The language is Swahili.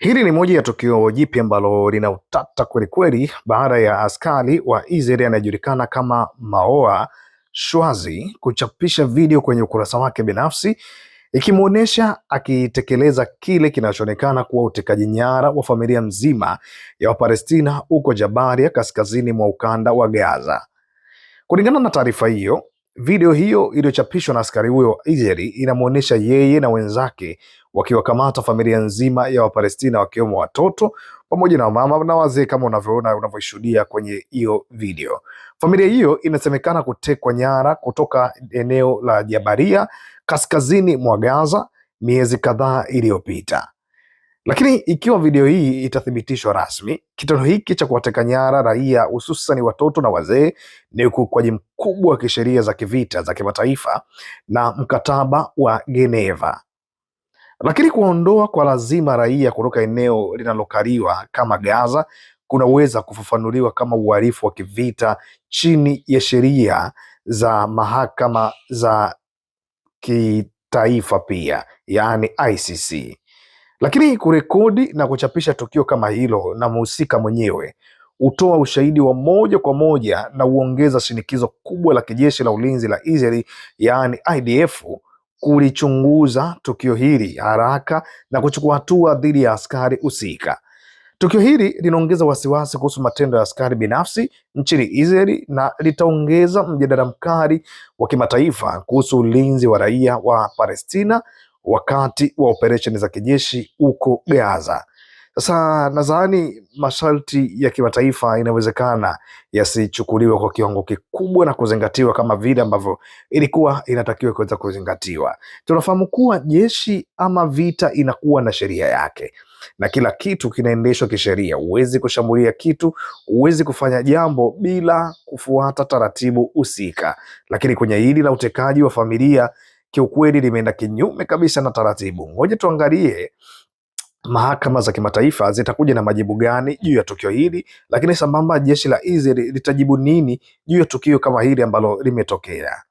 Hili ni moja ya tukio jipya ambalo lina utata kwelikweli baada ya askari wa Israel anayejulikana kama Maoa Shwazi kuchapisha video kwenye ukurasa wake binafsi ikimwonyesha akitekeleza kile kinachoonekana kuwa utekaji nyara wa familia mzima ya Wapalestina huko jabaria kaskazini mwa ukanda wa Gaza. Kulingana na taarifa hiyo, video hiyo iliyochapishwa na askari huyo wa Israel inamwonyesha yeye na wenzake wakiwakamata familia nzima ya Wapalestina wakiwemo watoto pamoja na wamama na wazee kama unavyoona unavyoshuhudia kwenye hiyo video. Familia hiyo inasemekana kutekwa nyara kutoka eneo la Jabaria kaskazini mwa Gaza miezi kadhaa iliyopita. Lakini ikiwa video hii itathibitishwa rasmi, kitendo hiki cha kuwateka nyara raia hususani watoto na wazee ni ukiukwaji mkubwa wa kisheria za kivita za kimataifa na mkataba wa Geneva. Lakini kuondoa kwa lazima raia kutoka eneo linalokaliwa kama Gaza kunaweza kufafanuliwa kama uhalifu wa kivita chini ya sheria za mahakama za kitaifa pia, yaani ICC. Lakini kurekodi na kuchapisha tukio kama hilo na mhusika mwenyewe hutoa ushahidi wa moja kwa moja na huongeza shinikizo kubwa la kijeshi la ulinzi la Israel, yaani IDF kulichunguza tukio hili haraka na kuchukua hatua dhidi ya askari husika. Tukio hili linaongeza wasiwasi kuhusu matendo ya askari binafsi nchini Israeli na litaongeza mjadala mkali wa kimataifa kuhusu ulinzi wa raia wa Palestina wakati wa operesheni za kijeshi huko Gaza. Sasa nadhani masharti ya kimataifa inawezekana yasichukuliwe kwa kiwango kikubwa na kuzingatiwa kama vile ambavyo ilikuwa inatakiwa kuweza kuzingatiwa. Tunafahamu kuwa jeshi ama vita inakuwa na sheria yake na kila kitu kinaendeshwa kisheria. Huwezi kushambulia kitu, huwezi kufanya jambo bila kufuata taratibu husika, lakini kwenye hili la utekaji wa familia kiukweli limeenda kinyume kabisa na taratibu. Ngoja tuangalie mahakama za kimataifa zitakuja na majibu gani juu ya tukio hili, lakini sambamba jeshi la Israel litajibu nini juu ya tukio kama hili ambalo limetokea.